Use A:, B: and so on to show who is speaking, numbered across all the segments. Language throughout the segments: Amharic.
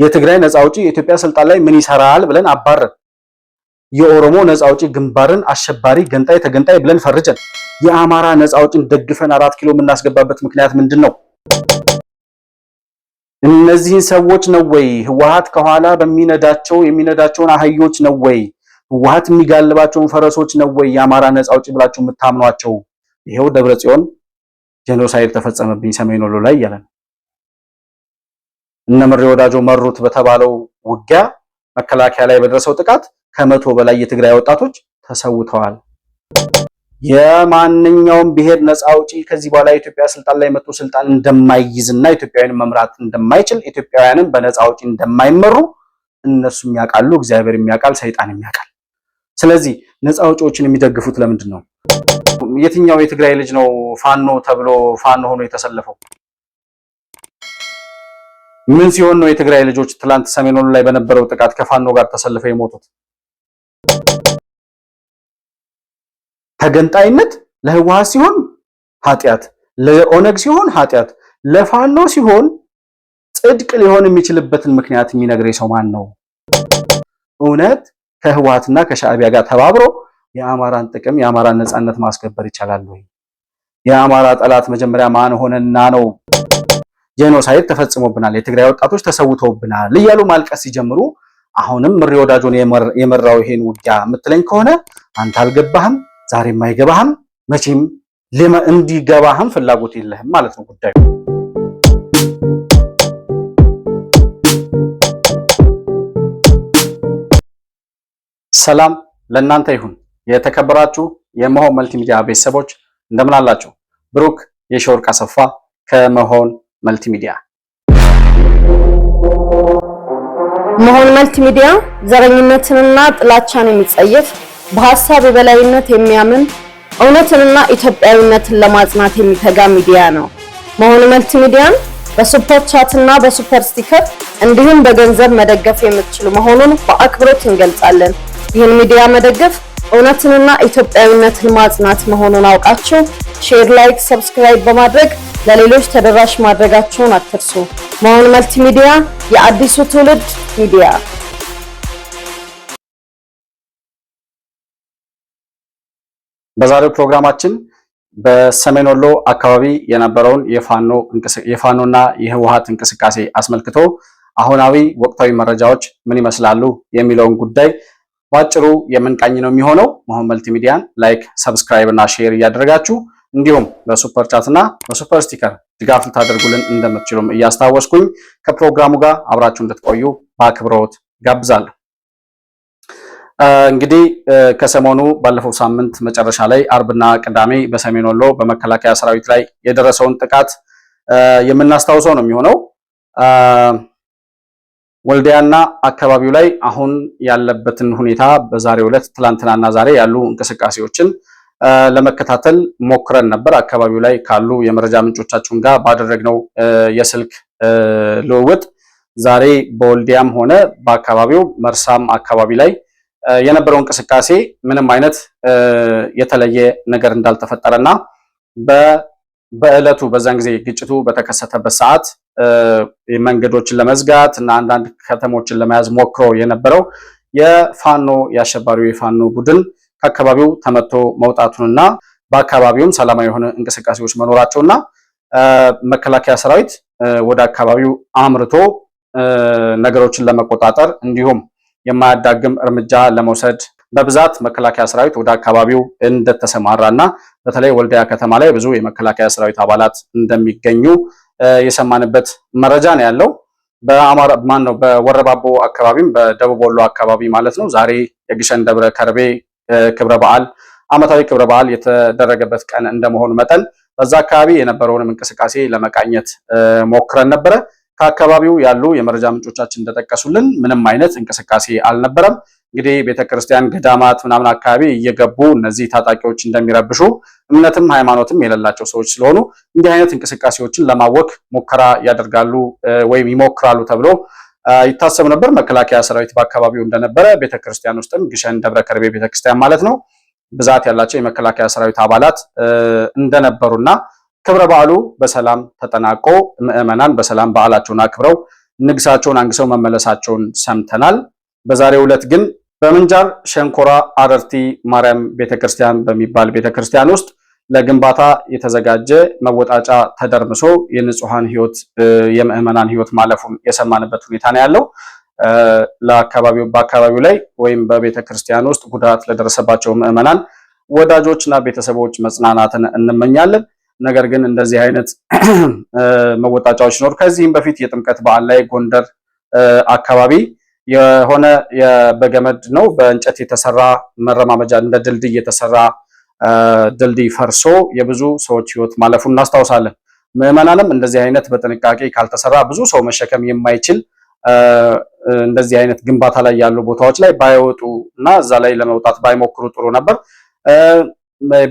A: የትግራይ ነፃ አውጪ የኢትዮጵያ ስልጣን ላይ ምን ይሰራል ብለን አባረን፣ የኦሮሞ ነፃ አውጪ ግንባርን አሸባሪ፣ ገንጣይ፣ ተገንጣይ ብለን ፈርጀን፣ የአማራ ነፃ አውጪን ደግፈን አራት ኪሎ የምናስገባበት ምክንያት ምንድን ነው? እነዚህን ሰዎች ነው ወይ ህወሓት ከኋላ በሚነዳቸው የሚነዳቸውን አህዮች ነው ወይ ህወሓት የሚጋልባቸውን ፈረሶች ነው ወይ የአማራ ነፃ አውጪ ብላችሁ የምታምኗቸው? ይሄው ደብረ ጽዮን ጄኖሳይድ ተፈጸመብኝ ሰሜን ወሎ ላይ እያለ እነምሬ ወዳጆ መሩት በተባለው ውጊያ መከላከያ ላይ በደረሰው ጥቃት ከመቶ በላይ የትግራይ ወጣቶች ተሰውተዋል። የማንኛውም ብሔር ነፃ አውጪ ከዚህ በኋላ የኢትዮጵያ ስልጣን ላይ መጥቶ ስልጣን እንደማይይዝና ኢትዮጵያውያን መምራት እንደማይችል ኢትዮጵያውያን በነፃ አውጪ እንደማይመሩ እነሱ ያውቃሉ? እግዚአብሔር የሚያውቃል፣ ሰይጣን የሚያውቃል። ስለዚህ ነፃ አውጪዎችን የሚደግፉት ለምንድን ነው? የትኛው የትግራይ ልጅ ነው ፋኖ ተብሎ ፋኖ ሆኖ የተሰለፈው? ምን ሲሆን ነው የትግራይ ልጆች ትላንት ሰሜን ወሎ ላይ በነበረው ጥቃት ከፋኖ ጋር ተሰልፈው የሞቱት? ተገንጣይነት ለህወሓት ሲሆን ኃጢአት፣ ለኦነግ ሲሆን ኃጢአት፣ ለፋኖ ሲሆን ጽድቅ ሊሆን የሚችልበትን ምክንያት የሚነግር ሰው ማን ነው? እውነት ከህወሓትና ከሻዕቢያ ጋር ተባብሮ የአማራን ጥቅም የአማራን ነጻነት ማስከበር ይቻላል ወይ? የአማራ ጠላት መጀመሪያ ማን ሆነና ነው ጄኖሳይድ ተፈጽሞብናል፣ የትግራይ ወጣቶች ተሰውተውብናል እያሉ ማልቀስ ሲጀምሩ አሁንም ምሬ ወዳጆን የመራው ይሄን ውጊያ የምትለኝ ከሆነ አንተ አልገባህም፣ ዛሬም አይገባህም፣ መቼም እንዲገባህም ፍላጎት የለህም ማለት ነው ጉዳዩ። ሰላም ለእናንተ ይሁን። የተከበራችሁ የመሆን መልቲሚዲያ ቤተሰቦች እንደምን አላችሁ? ብሩክ የሸወርቅ አሰፋ ከመሆን መልቲሚዲያ
B: መሆን መልቲሚዲያ ዘረኝነትንና ጥላቻን የሚጸየፍ በሀሳብ የበላይነት የሚያምን እውነትንና ኢትዮጵያዊነትን ለማጽናት የሚተጋ ሚዲያ ነው። መሆን መልቲሚዲያን በሱፐር ቻት እና በሱፐር ስቲከር እንዲሁም በገንዘብ መደገፍ የምትችሉ መሆኑን በአክብሮት እንገልጻለን። ይህን ሚዲያ መደገፍ እውነትንና ኢትዮጵያዊነትን ማጽናት መሆኑን አውቃችሁ ሼር፣ ላይክ፣ ሰብስክራይብ በማድረግ ለሌሎች ተደራሽ ማድረጋቸውን አትርሱ። መሆን መልቲሚዲያ የአዲሱ ትውልድ ሚዲያ
A: በዛሬው ፕሮግራማችን በሰሜን ወሎ አካባቢ የነበረውን የፋኖና የህወሀት እንቅስቃሴ አስመልክቶ አሁናዊ ወቅታዊ መረጃዎች ምን ይመስላሉ የሚለውን ጉዳይ በአጭሩ የምንቃኝ ነው የሚሆነው። መሆን መልቲሚዲያን ላይክ፣ ሰብስክራይብ እና ሼር እያደረጋችሁ እንዲሁም በሱፐር ቻት እና በሱፐር ስቲከር ድጋፍ ልታደርጉልን እንደምትችሉም እያስታወስኩኝ ከፕሮግራሙ ጋር አብራችሁ እንድትቆዩ በአክብሮት ጋብዛለሁ። እንግዲህ ከሰሞኑ ባለፈው ሳምንት መጨረሻ ላይ አርብና ቅዳሜ በሰሜን ወሎ በመከላከያ ሰራዊት ላይ የደረሰውን ጥቃት የምናስታውሰው ነው የሚሆነው። ወልዲያና አካባቢው ላይ አሁን ያለበትን ሁኔታ በዛሬው ዕለት ትላንትናና ዛሬ ያሉ እንቅስቃሴዎችን ለመከታተል ሞክረን ነበር። አካባቢው ላይ ካሉ የመረጃ ምንጮቻችን ጋር ባደረግነው የስልክ ልውውጥ ዛሬ በወልዲያም ሆነ በአካባቢው መርሳም አካባቢ ላይ የነበረው እንቅስቃሴ ምንም አይነት የተለየ ነገር እንዳልተፈጠረና በእለቱ በዛን ጊዜ ግጭቱ በተከሰተበት ሰዓት መንገዶችን ለመዝጋት እና አንዳንድ ከተሞችን ለመያዝ ሞክሮ የነበረው የፋኖ የአሸባሪው የፋኖ ቡድን ከአካባቢው ተመቶ መውጣቱንና በአካባቢውም ሰላማዊ የሆነ እንቅስቃሴዎች መኖራቸውና መከላከያ ሰራዊት ወደ አካባቢው አምርቶ ነገሮችን ለመቆጣጠር እንዲሁም የማያዳግም እርምጃ ለመውሰድ በብዛት መከላከያ ሰራዊት ወደ አካባቢው እንደተሰማራ በተለይ ወልዲያ ከተማ ላይ ብዙ የመከላከያ ሰራዊት አባላት እንደሚገኙ የሰማንበት መረጃ ነው ያለው። በአማራ ማን ነው በወረባቦ አካባቢም በደቡብ ወሎ አካባቢ ማለት ነው ዛሬ የግሸን ደብረ ከርቤ ክብረ በዓል ዓመታዊ ክብረ በዓል የተደረገበት ቀን እንደመሆኑ መጠን በዛ አካባቢ የነበረውንም እንቅስቃሴ ለመቃኘት ሞክረን ነበረ። ከአካባቢው ያሉ የመረጃ ምንጮቻችን እንደጠቀሱልን ምንም አይነት እንቅስቃሴ አልነበረም። እንግዲህ ቤተክርስቲያን፣ ገዳማት ምናምን አካባቢ እየገቡ እነዚህ ታጣቂዎች እንደሚረብሹ እምነትም ሃይማኖትም የሌላቸው ሰዎች ስለሆኑ እንዲህ አይነት እንቅስቃሴዎችን ለማወክ ሙከራ ያደርጋሉ ወይም ይሞክራሉ ተብሎ ይታሰብ ነበር። መከላከያ ሰራዊት በአካባቢው እንደነበረ ቤተክርስቲያን ውስጥም ግሸን ደብረ ከርቤ ቤተክርስቲያን ማለት ነው ብዛት ያላቸው የመከላከያ ሰራዊት አባላት እንደነበሩና ክብረ በዓሉ በሰላም ተጠናቆ ምዕመናን በሰላም በዓላቸውን አክብረው ንግሳቸውን አንግሰው መመለሳቸውን ሰምተናል። በዛሬው ዕለት ግን በምንጃር ሸንኮራ አረርቲ ማርያም ቤተክርስቲያን በሚባል ቤተክርስቲያን ውስጥ ለግንባታ የተዘጋጀ መወጣጫ ተደርምሶ የንጹሐን ህይወት የምዕመናን ህይወት ማለፉን የሰማንበት ሁኔታ ነው ያለው። ለአካባቢው በአካባቢው ላይ ወይም በቤተ ክርስቲያን ውስጥ ጉዳት ለደረሰባቸው ምዕመናን ወዳጆችና ቤተሰቦች መጽናናትን እንመኛለን። ነገር ግን እንደዚህ አይነት መወጣጫዎች ሲኖር ከዚህም በፊት የጥምቀት በዓል ላይ ጎንደር አካባቢ የሆነ በገመድ ነው በእንጨት የተሰራ መረማመጃ እንደ ድልድይ የተሰራ ድልድይ ፈርሶ የብዙ ሰዎች ህይወት ማለፉ እናስታውሳለን። ምዕመናንም እንደዚህ አይነት በጥንቃቄ ካልተሰራ ብዙ ሰው መሸከም የማይችል እንደዚህ አይነት ግንባታ ላይ ያሉ ቦታዎች ላይ ባይወጡ እና እዛ ላይ ለመውጣት ባይሞክሩ ጥሩ ነበር።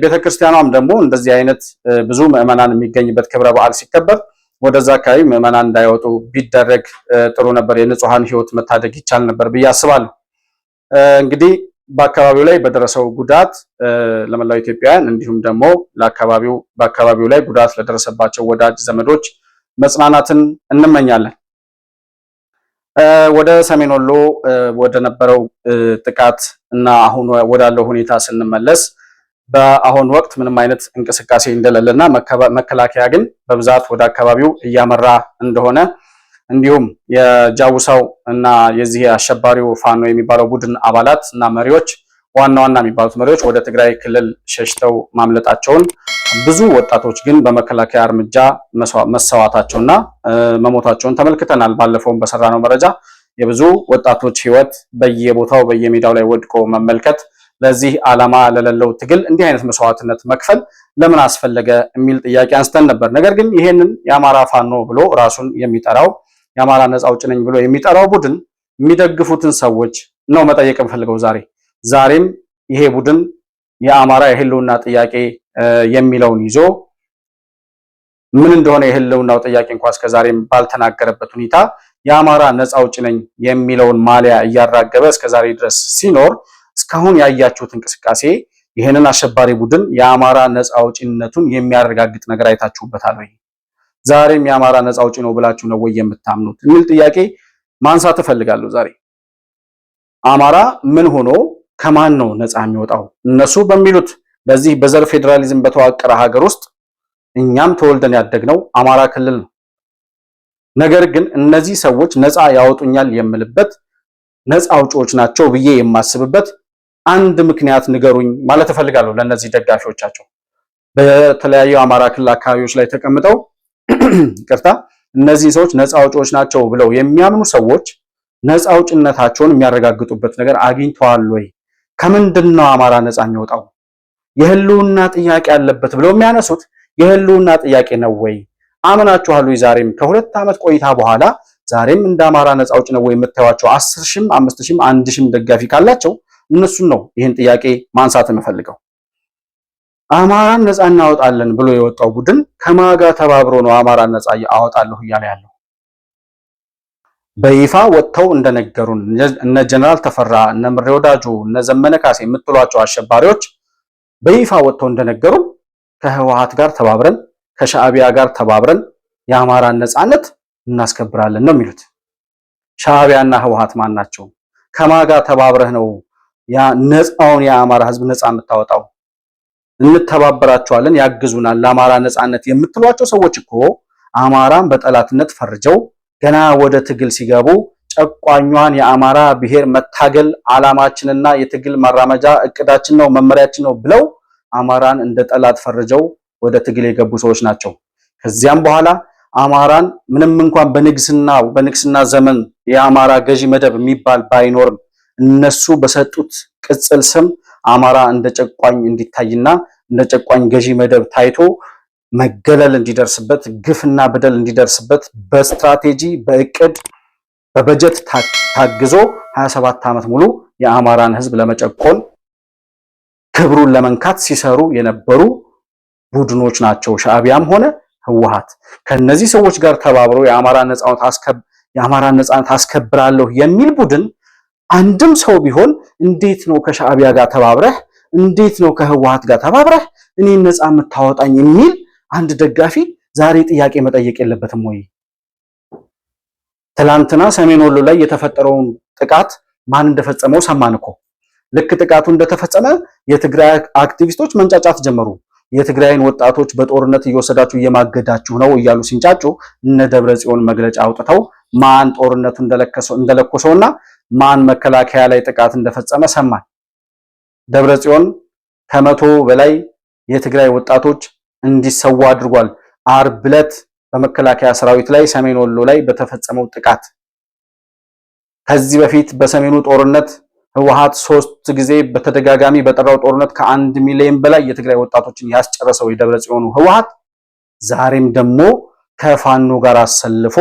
A: ቤተክርስቲያኗም ደግሞ እንደዚህ አይነት ብዙ ምዕመናን የሚገኝበት ክብረ በዓል ሲከበር ወደዛ አካባቢ ምዕመናን እንዳይወጡ ቢደረግ ጥሩ ነበር። የንጹሐን ህይወት መታደግ ይቻል ነበር ብዬ አስባለሁ። እንግዲህ በአካባቢው ላይ በደረሰው ጉዳት ለመላው ኢትዮጵያውያን እንዲሁም ደግሞ ለአካባቢው በአካባቢው ላይ ጉዳት ለደረሰባቸው ወዳጅ ዘመዶች መጽናናትን እንመኛለን። ወደ ሰሜን ወሎ ወደ ነበረው ጥቃት እና አሁን ወዳለው ሁኔታ ስንመለስ በአሁን ወቅት ምንም አይነት እንቅስቃሴ እንደሌለና መከላከያ ግን በብዛት ወደ አካባቢው እያመራ እንደሆነ እንዲሁም የጃውሳው እና የዚህ አሸባሪው ፋኖ የሚባለው ቡድን አባላት እና መሪዎች ዋና ዋና የሚባሉት መሪዎች ወደ ትግራይ ክልል ሸሽተው ማምለጣቸውን ብዙ ወጣቶች ግን በመከላከያ እርምጃ መሰዋታቸውና መሞታቸውን ተመልክተናል። ባለፈውም በሰራነው መረጃ የብዙ ወጣቶች ሕይወት በየቦታው በየሜዳው ላይ ወድቆ መመልከት ለዚህ ዓላማ ለሌለው ትግል እንዲህ አይነት መስዋዕትነት መክፈል ለምን አስፈለገ የሚል ጥያቄ አንስተን ነበር። ነገር ግን ይሄንን የአማራ ፋኖ ብሎ ራሱን የሚጠራው የአማራ ነጻ አውጪ ነኝ ብሎ የሚጠራው ቡድን የሚደግፉትን ሰዎች ነው መጠየቅ የምፈልገው ዛሬ። ዛሬም ይሄ ቡድን የአማራ የህልውና ጥያቄ የሚለውን ይዞ ምን እንደሆነ የህልውናው ጥያቄ እንኳ እስከዛሬም ባልተናገረበት ሁኔታ የአማራ ነጻ አውጪ ነኝ የሚለውን ማሊያ እያራገበ እስከዛሬ ድረስ ሲኖር እስካሁን ያያችሁት እንቅስቃሴ ይህንን አሸባሪ ቡድን የአማራ ነጻ አውጪነቱን የሚያረጋግጥ ነገር አይታችሁበታል ወይ? ዛሬም የአማራ ነፃ አውጪ ነው ብላችሁ ነው ወይ የምታምኑት የሚል ጥያቄ ማንሳት እፈልጋለሁ። ዛሬ አማራ ምን ሆኖ ከማን ነው ነፃ የሚወጣው? እነሱ በሚሉት በዚህ በዘር ፌዴራሊዝም በተዋቀረ ሀገር ውስጥ እኛም ተወልደን ያደግነው አማራ ክልል ነው። ነገር ግን እነዚህ ሰዎች ነፃ ያወጡኛል የምልበት ነፃ አውጪዎች ናቸው ብዬ የማስብበት አንድ ምክንያት ንገሩኝ ማለት እፈልጋለሁ። ለእነዚህ ደጋፊዎቻቸው በተለያዩ አማራ ክልል አካባቢዎች ላይ ተቀምጠው ቅርታ እነዚህ ሰዎች ነፃ አውጪዎች ናቸው ብለው የሚያምኑ ሰዎች ነፃ አውጭነታቸውን የሚያረጋግጡበት ነገር አግኝተዋል ወይ? ከምንድን ነው አማራ ነፃ የሚወጣው? የህልውና ጥያቄ አለበት ብለው የሚያነሱት የህልውና ጥያቄ ነው ወይ? አምናችኋል ወይ? ዛሬም ከሁለት ዓመት ቆይታ በኋላ ዛሬም እንደ አማራ ነፃ አውጭ ነው ወይ የምታዩዋቸው አስር ሺህም አምስት አንድ ሺህም ደጋፊ ካላቸው እነሱን ነው ይህን ጥያቄ ማንሳት የምፈልገው። አማራን ነፃ እናወጣለን ብሎ የወጣው ቡድን ከማጋ ተባብሮ ነው አማራን ነፃ አወጣለሁ እያለ ያለው። በይፋ ወጥተው እንደነገሩን እነ ጀነራል ተፈራ እነ ምሬ ወዳጆ እነ ዘመነ ካሴ የምትሏቸው አሸባሪዎች በይፋ ወጥተው እንደነገሩን ከህወሓት ጋር ተባብረን ከሻዕቢያ ጋር ተባብረን የአማራን ነፃነት እናስከብራለን ነው የሚሉት። ሻዕቢያና ህወሓት ማን ናቸው? ከማጋ ተባብረህ ነው ያ ነፃውን የአማራ ህዝብ ነፃ የምታወጣው? እንተባበራቸዋለን፣ ያግዙናል ለአማራ ነጻነት የምትሏቸው ሰዎች እኮ አማራን በጠላትነት ፈርጀው ገና ወደ ትግል ሲገቡ ጨቋኟን የአማራ ብሔር መታገል ዓላማችንና የትግል ማራመጃ እቅዳችን ነው መመሪያችን ነው ብለው አማራን እንደ ጠላት ፈርጀው ወደ ትግል የገቡ ሰዎች ናቸው። ከዚያም በኋላ አማራን ምንም እንኳን በንግስና በንግስና ዘመን የአማራ ገዢ መደብ የሚባል ባይኖርም እነሱ በሰጡት ቅጽል ስም አማራ እንደ ጨቋኝ እንዲታይና እንደ ጨቋኝ ገዢ መደብ ታይቶ መገለል እንዲደርስበት፣ ግፍና በደል እንዲደርስበት በስትራቴጂ በእቅድ በበጀት ታግዞ 27 ዓመት ሙሉ የአማራን ህዝብ ለመጨቆን ክብሩን ለመንካት ሲሰሩ የነበሩ ቡድኖች ናቸው። ሻዕቢያም ሆነ ህወሓት ከነዚህ ሰዎች ጋር ተባብሮ የአማራን ነፃነት አስከብራለሁ የሚል ቡድን አንድም ሰው ቢሆን እንዴት ነው ከሻዕቢያ ጋር ተባብረህ እንዴት ነው ከህወሓት ጋር ተባብረህ እኔን ነፃ የምታወጣኝ የሚል አንድ ደጋፊ ዛሬ ጥያቄ መጠየቅ የለበትም ወይ? ትላንትና ሰሜን ወሎ ላይ የተፈጠረውን ጥቃት ማን እንደፈጸመው ሰማን እኮ። ልክ ጥቃቱ እንደተፈጸመ የትግራይ አክቲቪስቶች መንጫጫት ጀመሩ። የትግራይን ወጣቶች በጦርነት እየወሰዳችሁ እየማገዳችሁ ነው እያሉ ሲንጫጩ እነ ደብረ ጽዮን መግለጫ አውጥተው ማን ጦርነቱ እንደለኮሰውና ማን መከላከያ ላይ ጥቃት እንደፈጸመ ሰማን። ደብረ ጽዮን ከመቶ በላይ የትግራይ ወጣቶች እንዲሰዉ አድርጓል። አርብ ዕለት በመከላከያ ሰራዊት ላይ ሰሜን ወሎ ላይ በተፈጸመው ጥቃት ከዚህ በፊት በሰሜኑ ጦርነት ህወሓት ሶስት ጊዜ በተደጋጋሚ በጠራው ጦርነት ከአንድ ሚሊዮን በላይ የትግራይ ወጣቶችን ያስጨረሰው የደብረ ጽዮኑ ህወሓት ዛሬም ደግሞ ከፋኖ ጋር አሰልፎ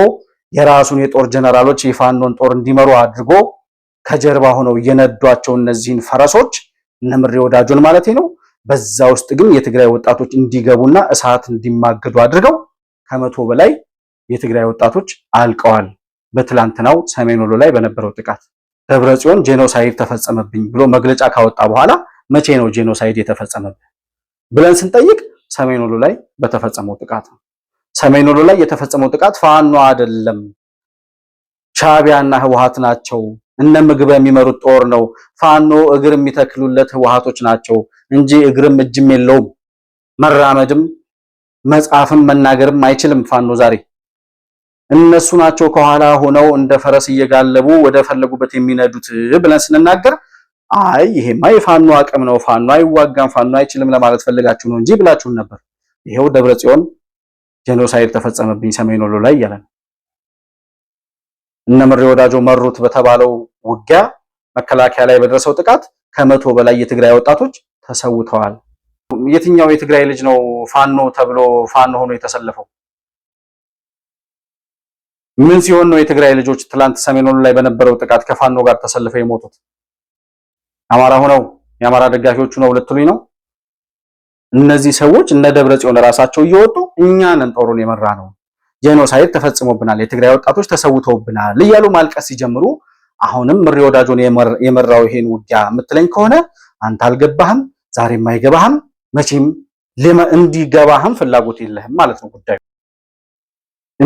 A: የራሱን የጦር ጀነራሎች የፋኖን ጦር እንዲመሩ አድርጎ ከጀርባ ሆነው የነዷቸው እነዚህን ፈረሶች ነምሬ ወዳጆን ማለት ነው። በዛ ውስጥ ግን የትግራይ ወጣቶች እንዲገቡና እሳት እንዲማገዱ አድርገው ከመቶ በላይ የትግራይ ወጣቶች አልቀዋል። በትላንትናው ሰሜን ወሎ ላይ በነበረው ጥቃት ደብረ ጽዮን ጄኖሳይድ ተፈጸመብኝ ብሎ መግለጫ ካወጣ በኋላ መቼ ነው ጄኖሳይድ የተፈጸመብህ ብለን ስንጠይቅ ሰሜን ወሎ ላይ በተፈጸመው ጥቃት ነው። ሰሜን ወሎ ላይ የተፈጸመው ጥቃት ፋኖ አይደለም ሻቢያና ህወሓት ናቸው እነ ምግበ የሚመሩት ጦር ነው። ፋኖ እግር የሚተክሉለት ህወሓቶች ናቸው እንጂ እግርም እጅም የለውም። መራመድም መጻፍም መናገርም አይችልም ፋኖ ዛሬ። እነሱ ናቸው ከኋላ ሆነው እንደ ፈረስ እየጋለቡ ወደ ፈለጉበት የሚነዱት ብለን ስንናገር አይ ይሄማ የፋኖ አቅም ነው፣ ፋኖ አይዋጋም፣ ፋኖ አይችልም ለማለት ፈልጋችሁ ነው እንጂ ብላችሁን ነበር። ይሄው ደብረ ጽዮን ጄኖሳይድ ተፈጸመብኝ ሰሜን ወሎ ላይ እያለ እነምሬ ወዳጆ መሩት በተባለው ውጊያ መከላከያ ላይ በደረሰው ጥቃት ከመቶ በላይ የትግራይ ወጣቶች ተሰውተዋል። የትኛው የትግራይ ልጅ ነው ፋኖ ተብሎ ፋኖ ሆኖ የተሰለፈው? ምን ሲሆን ነው የትግራይ ልጆች ትላንት ሰሜን ወሎ ላይ በነበረው ጥቃት ከፋኖ ጋር ተሰልፈው የሞቱት? አማራ ሆነው የአማራ ደጋፊዎቹ ነው ልትሉኝ ነው? እነዚህ ሰዎች እነ ደብረ ጽዮን ራሳቸው እየወጡ እኛንን ጦሩን የመራ ነው ጄኖሳይድ ተፈጽሞብናል፣ የትግራይ ወጣቶች ተሰውተውብናል እያሉ ማልቀስ ሲጀምሩ አሁንም ምሬ ወዳጆን የመራው ይሄን ውጊያ የምትለኝ ከሆነ አንተ አልገባህም፣ ዛሬም አይገባህም፣ መቼም እንዲገባህም ፍላጎት የለህም ማለት ነው ጉዳዩ።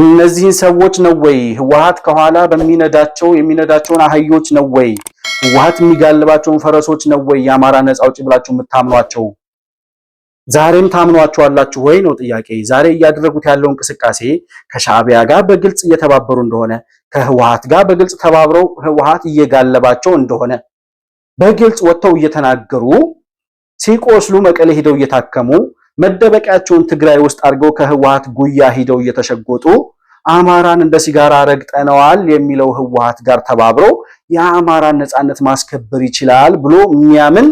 A: እነዚህን ሰዎች ነው ወይ ህወሓት ከኋላ በሚነዳቸው የሚነዳቸውን አህዮች ነው ወይ ህወሓት የሚጋልባቸውን ፈረሶች ነው ወይ የአማራ ነጻ አውጪ ብላችሁ የምታምኗቸው? ዛሬም ታምኗቸዋላችሁ ወይ ነው ጥያቄ። ዛሬ እያደረጉት ያለው እንቅስቃሴ ከሻዕቢያ ጋር በግልጽ እየተባበሩ እንደሆነ፣ ከህወሓት ጋር በግልጽ ተባብረው ህወሓት እየጋለባቸው እንደሆነ በግልጽ ወጥተው እየተናገሩ ሲቆስሉ መቀሌ ሂደው እየታከሙ መደበቂያቸውን ትግራይ ውስጥ አድርገው ከህወሓት ጉያ ሂደው እየተሸጎጡ አማራን እንደ ሲጋራ ረግጠነዋል የሚለው ህወሓት ጋር ተባብረው የአማራን ነፃነት ማስከበር ይችላል ብሎ የሚያምን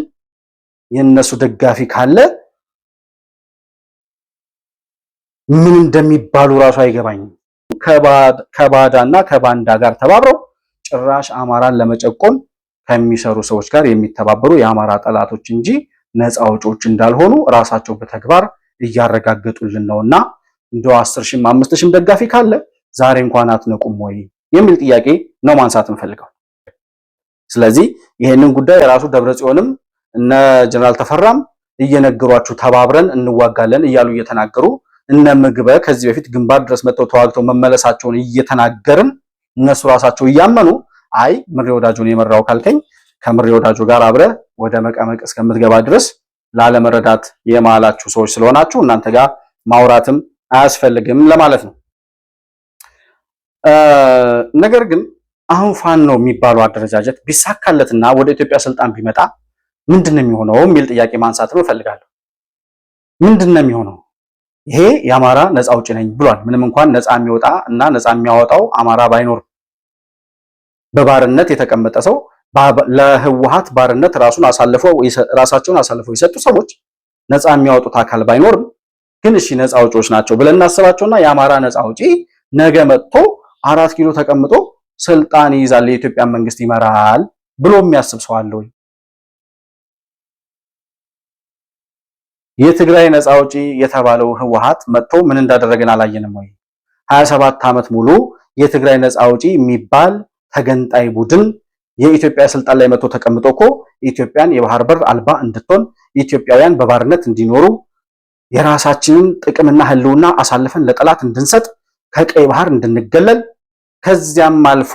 A: የእነሱ ደጋፊ ካለ ምን እንደሚባሉ ራሱ አይገባኝም። ከባዳ እና ከባንዳ ጋር ተባብረው ጭራሽ አማራን ለመጨቆን ከሚሰሩ ሰዎች ጋር የሚተባበሩ የአማራ ጠላቶች እንጂ ነፃ አውጪዎች እንዳልሆኑ ራሳቸው በተግባር እያረጋገጡልን ነውና እንደው አስር ሺህም አምስት ሺህም ደጋፊ ካለ ዛሬ እንኳን አትነቁም ወይ የሚል ጥያቄ ነው ማንሳት እንፈልገው። ስለዚህ ይሄንን ጉዳይ ራሱ ጽዮንም እነ ጀነራል ተፈራም እየነገሯችሁ ተባብረን እንዋጋለን እያሉ እየተናገሩ እነ ምግበ ከዚህ በፊት ግንባር ድረስ መጥተው ተዋግተው መመለሳቸውን እየተናገርን እነሱ ራሳቸው እያመኑ አይ ምሬ ወዳጆን የመራው ካልከኝ ከምሬ ወዳጆ ጋር አብረ ወደ መቀመቅ እስከምትገባ ድረስ ላለመረዳት የማላችሁ ሰዎች ስለሆናችሁ እናንተ ጋር ማውራትም አያስፈልግም ለማለት ነው። ነገር ግን አሁን ፋኖ የሚባለው አደረጃጀት ቢሳካለትና ወደ ኢትዮጵያ ስልጣን ቢመጣ ምንድን ነው የሚሆነው የሚል ጥያቄ ማንሳት ነው እፈልጋለሁ። ምንድን ነው የሚሆነው? ይሄ የአማራ ነፃ አውጪ ነኝ ብሏል። ምንም እንኳን ነፃ የሚወጣ እና ነፃ የሚያወጣው አማራ ባይኖር በባርነት የተቀመጠ ሰው ለህወሓት ባርነት ራሱን አሳልፎ ራሳቸውን አሳልፈው የሰጡ ሰዎች ነፃ የሚያወጡት አካል ባይኖርም ግን እሺ ነፃ አውጪዎች ናቸው ብለን እናስባቸውና የአማራ ነፃ አውጪ ነገ መጥቶ አራት ኪሎ ተቀምጦ ስልጣን ይይዛል፣ ለኢትዮጵያ መንግስት ይመራል ብሎ የሚያስብ ሰው አለ ወይ? የትግራይ ነፃ አውጪ የተባለው ህወሓት መጥቶ ምን እንዳደረገን አላየንም ወይ? 27 ዓመት ሙሉ የትግራይ ነፃ አውጪ የሚባል ተገንጣይ ቡድን የኢትዮጵያ ስልጣን ላይ መጥቶ ተቀምጦ እኮ ኢትዮጵያን የባህር በር አልባ እንድትሆን ኢትዮጵያውያን በባርነት እንዲኖሩ የራሳችንን ጥቅምና ህልውና አሳልፈን ለጠላት እንድንሰጥ ከቀይ ባህር እንድንገለል ከዚያም አልፎ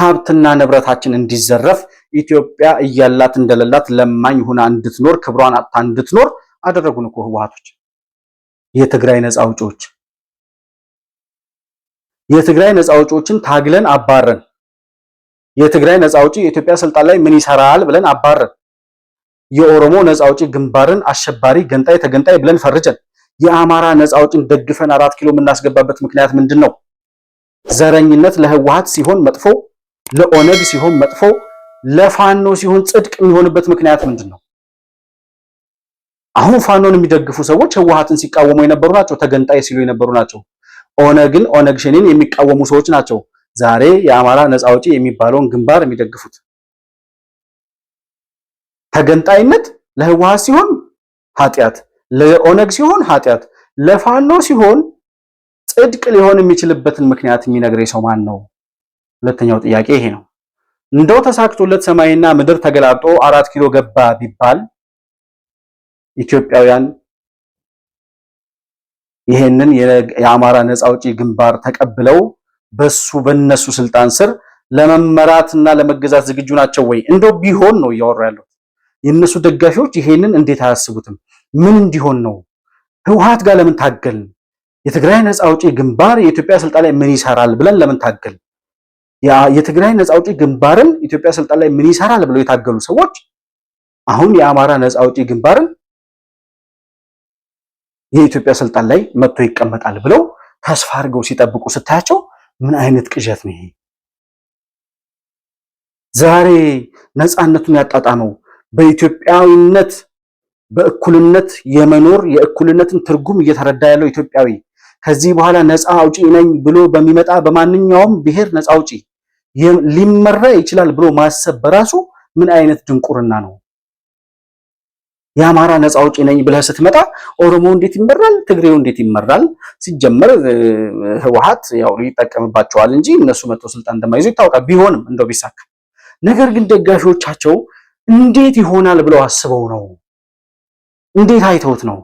A: ሀብትና ንብረታችን እንዲዘረፍ ኢትዮጵያ እያላት እንደሌላት ለማኝ ሁና እንድትኖር ክብሯን አጥታ እንድትኖር አደረጉን እኮ ህወሓቶች፣ የትግራይ ነፃ አውጪዎች የትግራይ ነፃ አውጪዎችን ታግለን አባረን። የትግራይ ነፃ አውጪ የኢትዮጵያ ስልጣን ላይ ምን ይሰራል ብለን አባረን። የኦሮሞ ነፃ አውጪ ግንባርን አሸባሪ፣ ገንጣይ፣ ተገንጣይ ብለን ፈርጀን የአማራ ነፃ አውጪን ደግፈን አራት ኪሎ የምናስገባበት ምክንያት ምንድን ነው? ዘረኝነት ለህወሓት ሲሆን መጥፎ፣ ለኦነግ ሲሆን መጥፎ፣ ለፋኖ ሲሆን ጽድቅ የሚሆንበት ምክንያት ምንድን ነው? አሁን ፋኖን የሚደግፉ ሰዎች ህወሓትን ሲቃወሙ የነበሩ ናቸው፣ ተገንጣይ ሲሉ የነበሩ ናቸው። ኦነግን ኦነግ ሸኔን የሚቃወሙ ሰዎች ናቸው ዛሬ የአማራ ነፃ አውጪ የሚባለውን ግንባር የሚደግፉት። ተገንጣይነት ለህወሓት ሲሆን ኃጢአት፣ ለኦነግ ሲሆን ኃጢአት፣ ለፋኖ ሲሆን ጽድቅ ሊሆን የሚችልበትን ምክንያት የሚነግር ሰው ማን ነው? ሁለተኛው ጥያቄ ይሄ ነው። እንደው ተሳክቶለት ሰማይና ምድር ተገላጦ አራት ኪሎ ገባ ቢባል ኢትዮጵያውያን ይሄንን የአማራ ነፃ አውጪ ግንባር ተቀብለው በሱ በነሱ ስልጣን ስር ለመመራትና ለመገዛት ዝግጁ ናቸው ወይ? እንደው ቢሆን ነው እያወራ ያለው። የእነሱ ደጋፊዎች ይሄንን እንዴት አያስቡትም? ምን እንዲሆን ነው? ህወሓት ጋር ለምን ታገል? የትግራይ ነፃ አውጪ ግንባር የኢትዮጵያ ስልጣን ላይ ምን ይሰራል ብለን ለምን ታገል? የትግራይ ነፃ አውጪ ግንባርን ኢትዮጵያ ስልጣን ላይ ምን ይሰራል ብለው የታገሉ ሰዎች አሁን የአማራ ነፃ አውጪ ግንባርን የኢትዮጵያ ስልጣን ላይ መጥቶ ይቀመጣል ብለው ተስፋ አድርገው ሲጠብቁ ስታያቸው ምን አይነት ቅዠት ነው ይሄ? ዛሬ ነፃነቱን ያጣጣመው በኢትዮጵያዊነት በእኩልነት የመኖር የእኩልነትን ትርጉም እየተረዳ ያለው ኢትዮጵያዊ ከዚህ በኋላ ነፃ አውጪ ነኝ ብሎ በሚመጣ በማንኛውም ብሔር ነፃ አውጪ ሊመራ ይችላል ብሎ ማሰብ በራሱ ምን አይነት ድንቁርና ነው? የአማራ ነፃ አውጪ ነኝ ብለህ ስትመጣ ኦሮሞ እንዴት ይመራል? ትግሬው እንዴት ይመራል? ሲጀመር ህወሓት ያው ይጠቀምባቸዋል እንጂ እነሱ መቶ ስልጣን እንደማይዙ ይታወቃል። ቢሆንም እንደው ቢሳካ፣ ነገር ግን ደጋፊዎቻቸው እንዴት ይሆናል ብለው አስበው ነው? እንዴት አይተውት ነው?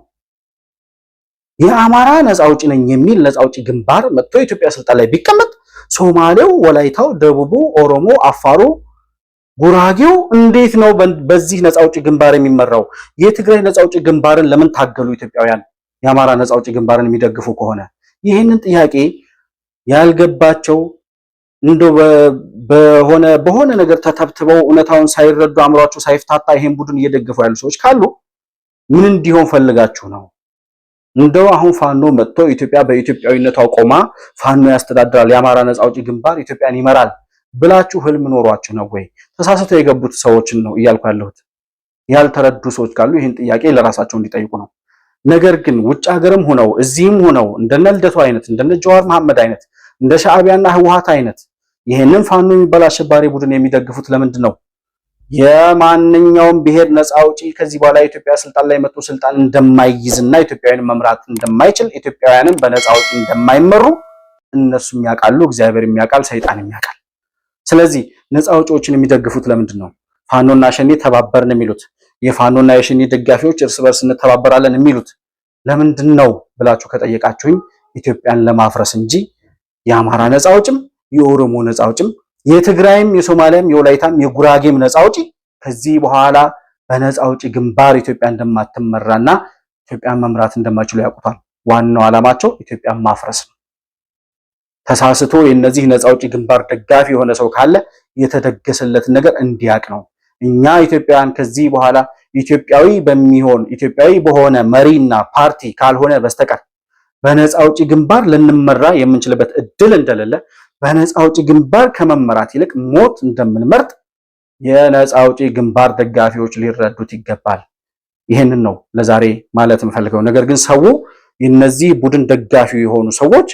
A: የአማራ ነፃ አውጪ ነኝ የሚል ነፃ አውጪ ግንባር መጥቶ ኢትዮጵያ ስልጣን ላይ ቢቀመጥ ሶማሌው፣ ወላይታው፣ ደቡቡ፣ ኦሮሞ፣ አፋሩ ጉራጌው እንዴት ነው በዚህ ነፃ አውጪ ግንባር የሚመራው? የትግራይ ነፃ አውጪ ግንባርን ለምን ታገሉ ኢትዮጵያውያን? የአማራ ነፃ አውጪ ግንባርን የሚደግፉ ከሆነ ይህንን ጥያቄ ያልገባቸው እንደ በሆነ በሆነ ነገር ተተብትበው እውነታውን ሳይረዱ አእምሯቸው ሳይፍታታ ይሄን ቡድን እየደገፉ ያሉ ሰዎች ካሉ ምን እንዲሆን ፈልጋችሁ ነው? እንደው አሁን ፋኖ መጥቶ ኢትዮጵያ በኢትዮጵያዊነቷ ቆማ ፋኖ ያስተዳድራል፣ የአማራ ነፃ አውጪ ግንባር ኢትዮጵያን ይመራል ብላችሁ ህልም ኖሯችሁ ነው ወይ? ተሳስተው የገቡት ሰዎችን ነው እያልኩ ያለሁት። ያልተረዱ ሰዎች ካሉ ይህን ጥያቄ ለራሳቸው እንዲጠይቁ ነው። ነገር ግን ውጭ ሀገርም ሆነው እዚህም ሆነው እንደነ ልደቱ አይነት እንደነ ጀዋር መሐመድ አይነት እንደ ሻዕቢያና ህወሓት አይነት ይህንን ፋኖ የሚባል አሸባሪ ቡድን የሚደግፉት ለምንድን ነው? የማንኛውም ብሔር ነፃ አውጪ ከዚህ በኋላ ኢትዮጵያ ስልጣን ላይ መጥቶ ስልጣን እንደማይይዝና ኢትዮጵያውያን መምራት እንደማይችል ኢትዮጵያውያንም በነፃ አውጪ እንደማይመሩ እነሱም ያውቃሉ፣ እግዚአብሔር የሚያውቃል፣ ሰይጣን የሚያውቃል። ስለዚህ ነፃ አውጪዎችን የሚደግፉት ለምንድን ነው? ፋኖና ሸኔ ተባበርን የሚሉት የፋኖና የሸኔ ደጋፊዎች እርስ በርስ እንተባበራለን የሚሉት ለምንድን ነው ብላችሁ ከጠየቃችሁኝ ኢትዮጵያን ለማፍረስ እንጂ የአማራ ነፃ አውጭም የኦሮሞ ነፃ አውጭም የትግራይም የሶማሊያም የወላይታም የጉራጌም ነፃ አውጪ ከዚህ በኋላ በነፃ አውጪ ግንባር ኢትዮጵያ እንደማትመራና ኢትዮጵያን መምራት እንደማይችሉ ያውቁታል። ዋናው ዓላማቸው ኢትዮጵያን ማፍረስ ነው። ተሳስቶ የነዚህ ነፃ አውጪ ግንባር ደጋፊ የሆነ ሰው ካለ የተደገሰለትን ነገር እንዲያቅ ነው። እኛ ኢትዮጵያውያን ከዚህ በኋላ ኢትዮጵያዊ በሚሆን ኢትዮጵያዊ በሆነ መሪና ፓርቲ ካልሆነ በስተቀር በነፃ አውጪ ግንባር ልንመራ የምንችልበት እድል እንደሌለ፣ በነፃ አውጪ ግንባር ከመመራት ይልቅ ሞት እንደምንመርጥ የነፃ አውጪ ግንባር ደጋፊዎች ሊረዱት ይገባል። ይህንን ነው ለዛሬ ማለት የምፈልገው። ነገር ግን ሰው የነዚህ ቡድን ደጋፊ የሆኑ ሰዎች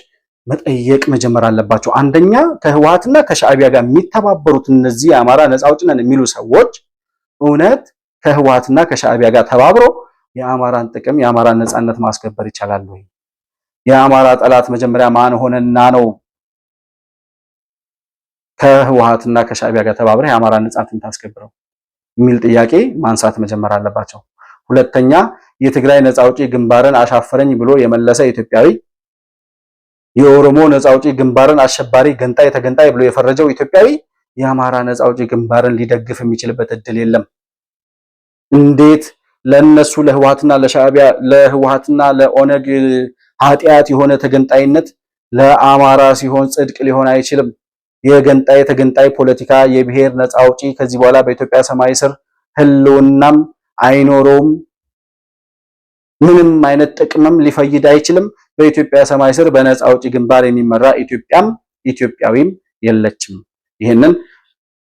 A: መጠየቅ መጀመር አለባቸው። አንደኛ ከህወሓትና ከሻዕቢያ ጋር የሚተባበሩት እነዚህ የአማራ ነፃ አውጪ ነን የሚሉ ሰዎች እውነት ከህወሓትና ከሻዕቢያ ጋር ተባብሮ የአማራን ጥቅም የአማራን ነፃነት ማስከበር ይቻላል ወይ? የአማራ ጠላት መጀመሪያ ማን ሆነና ነው ከህወሓትና ከሻዕቢያ ጋር ተባብረ የአማራ ነፃነትን ታስከብረው የሚል ጥያቄ ማንሳት መጀመር አለባቸው። ሁለተኛ የትግራይ ነፃ አውጪ ግንባርን አሻፈረኝ ብሎ የመለሰ ኢትዮጵያዊ የኦሮሞ ነጻ አውጪ ግንባርን አሸባሪ፣ ገንጣይ፣ ተገንጣይ ብሎ የፈረጀው ኢትዮጵያዊ የአማራ ነጻ አውጪ ግንባርን ሊደግፍ የሚችልበት እድል የለም። እንዴት ለነሱ ለህወሓትና ለሻዕቢያ ለህወሓትና ለኦነግ ኃጢአት የሆነ ተገንጣይነት ለአማራ ሲሆን ጽድቅ ሊሆን አይችልም። የገንጣይ ተገንጣይ ፖለቲካ የብሔር ነጻ አውጪ ከዚህ በኋላ በኢትዮጵያ ሰማይ ስር ህልውናም አይኖረውም። ምንም አይነት ጥቅምም ሊፈይድ አይችልም። በኢትዮጵያ ሰማይ ስር በነፃ አውጪ ግንባር የሚመራ ኢትዮጵያም ኢትዮጵያዊም የለችም። ይህንን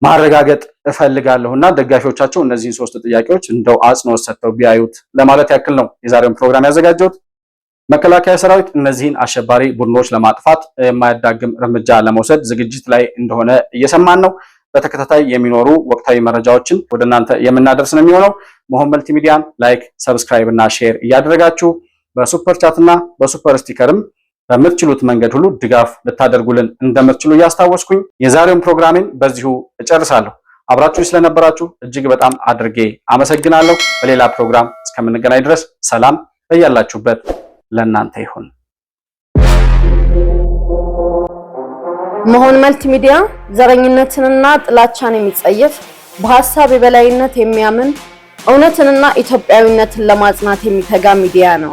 A: ማረጋገጥ እፈልጋለሁ እና ደጋፊዎቻቸው እነዚህን ሶስት ጥያቄዎች እንደው አጽንኦት ሰጥተው ቢያዩት ለማለት ያክል ነው የዛሬውን ፕሮግራም ያዘጋጀሁት። መከላከያ ሰራዊት እነዚህን አሸባሪ ቡድኖች ለማጥፋት የማያዳግም እርምጃ ለመውሰድ ዝግጅት ላይ እንደሆነ እየሰማን ነው። በተከታታይ የሚኖሩ ወቅታዊ መረጃዎችን ወደ እናንተ የምናደርስ ነው የሚሆነው። መሆን መልቲሚዲያን ላይክ፣ ሰብስክራይብ እና ሼር እያደረጋችሁ በሱፐር ቻትና በሱፐር ስቲከርም በምትችሉት መንገድ ሁሉ ድጋፍ ልታደርጉልን እንደምትችሉ እያስታወስኩኝ የዛሬውን ፕሮግራሜን በዚሁ እጨርሳለሁ። አብራችሁ ስለነበራችሁ እጅግ በጣም አድርጌ አመሰግናለሁ። በሌላ ፕሮግራም እስከምንገናኝ ድረስ ሰላም በያላችሁበት ለእናንተ ይሁን።
B: መሆን መልቲሚዲያ ሚዲያ ዘረኝነትንና ጥላቻን የሚጸየፍ በሀሳብ የበላይነት የሚያምን እውነትንና ኢትዮጵያዊነትን ለማጽናት የሚተጋ ሚዲያ ነው።